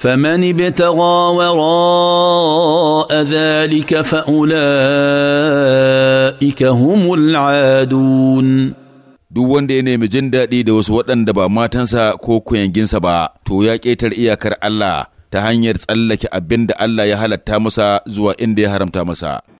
فمن ابتغى وراء ذلك فأولئك هم العادون duk wanda ya nemi jin daɗi da wasu waɗanda ba matansa ko kuyanginsa ba to ya ƙetar iyakar Allah ta hanyar tsallake abin da Allah ya halatta masa zuwa inda ya haramta masa